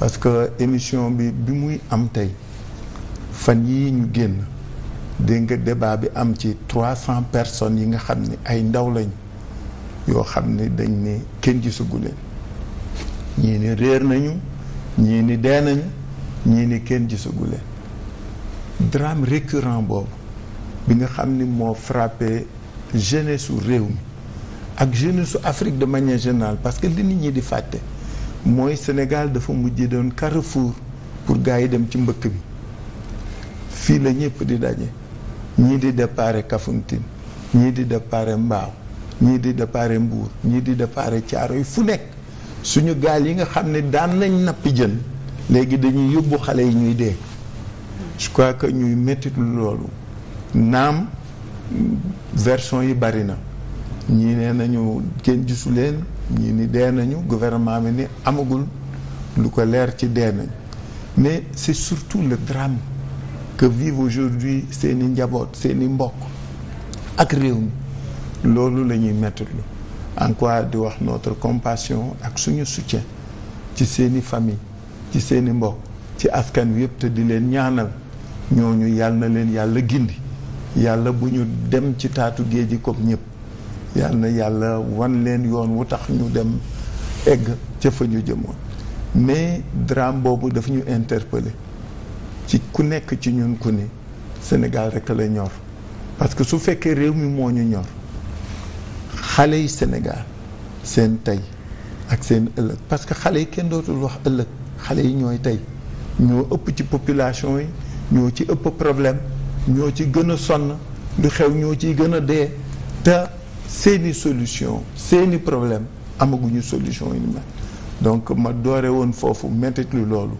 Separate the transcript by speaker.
Speaker 1: parce que émission bi bi muy am tey fan yii ñu génn dégg nga débat bi am ci trois cent personnes yi nga xam ni ay ndaw lañ yoo xam ne dañ ne kenn gisagu leen ñii ni réer nañu ñii ni dee nañu ñii ni kenn gisagu leen drame récurrent boobu bi nga xam ni moo frappé jeunesse su réew mi ak jeunesse su Afrique de manière générale parce que li nit ñi di fàtte mooy senegal dafa mujj doon carrefour pour gars yi dem ci mbëkk bi fii la ñëpp di daje ñii di dépare Kafountine ñii di dépare Mbao ñii di dépare Mbour ñii di dépare yi fu nekk suñu gaal yi nga xam ne daan nañ nappi jën léegi dañuy yóbbu xale yi ñuy dee je crois que ñuy méttitu loolu naam version yi bari na ñii nee nañu kenn gisu leen ñii ni dee nañu gouvernement mi ni amagul lu ko leer ci dee nañ mais c'est surtout le drame que vivent aujourd'hui seeni njaboot seeni mbokk ak réew mi loolu la ñuy mettre en quoi di wax notre compassion ak suñu soutien ci seeni famille ci seeni mbokk ci askan wi yëpp te di leen ñaanal ñooñu yàlla na leen yàlla gindi yàlla bu ñu dem ci taatu géej gi comme ñëpp yàlla na yàlla wan leen yoon wu tax ñu dem egg ca fa ñu jëmoon mais drame boobu dafa ñu interpellé ci ku nekk ci ñun ku ne Sénégal rek la ñor parce que su fekkee réew mi moo ñu ñor xale yi Sénégal seen tey ak seen ëllëg parce que xale yi kenn dootul wax ëllëg xale yi ñooy tey ñoo ëpp ci population yi ñoo ci ëpp problème ñoo ci gën a sonn du xew ñoo ciy gën a dee te seeni solution seeni problème amaguñu solution yu donc ma doore woon foofu méttit lu loolu